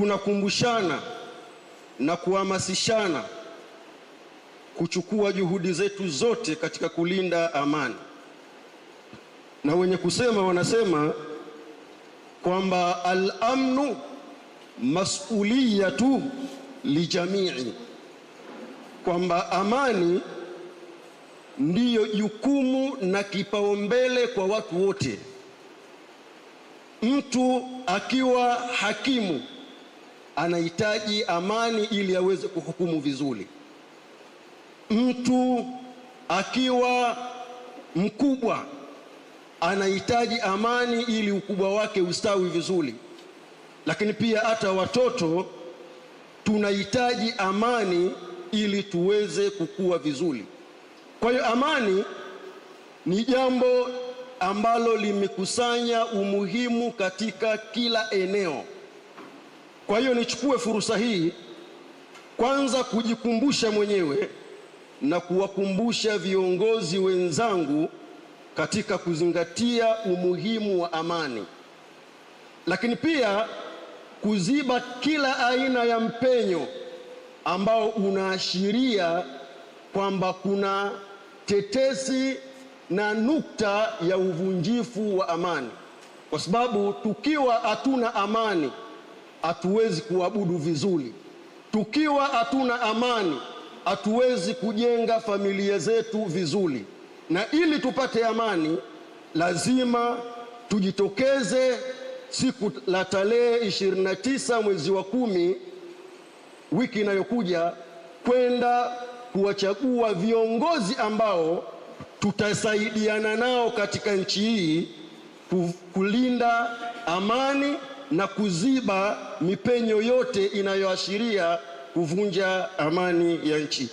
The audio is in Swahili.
tunakumbushana na kuhamasishana kuchukua juhudi zetu zote katika kulinda amani, na wenye kusema wanasema kwamba al-amnu masuliyatu lijamii, kwamba amani ndiyo jukumu na kipaumbele kwa watu wote. Mtu akiwa hakimu anahitaji amani ili aweze kuhukumu vizuri. Mtu akiwa mkubwa anahitaji amani ili ukubwa wake ustawi vizuri, lakini pia hata watoto tunahitaji amani ili tuweze kukua vizuri. Kwa hiyo amani ni jambo ambalo limekusanya umuhimu katika kila eneo. Kwa hiyo nichukue fursa hii kwanza kujikumbusha mwenyewe na kuwakumbusha viongozi wenzangu katika kuzingatia umuhimu wa amani, lakini pia kuziba kila aina ya mpenyo ambao unaashiria kwamba kuna tetesi na nukta ya uvunjifu wa amani, kwa sababu tukiwa hatuna amani hatuwezi kuabudu vizuri. Tukiwa hatuna amani, hatuwezi kujenga familia zetu vizuri, na ili tupate amani lazima tujitokeze siku la tarehe 29 mwezi wa kumi wiki inayokuja kwenda kuwachagua viongozi ambao tutasaidiana nao katika nchi hii kulinda amani na kuziba mipenyo yote inayoashiria kuvunja amani ya nchi.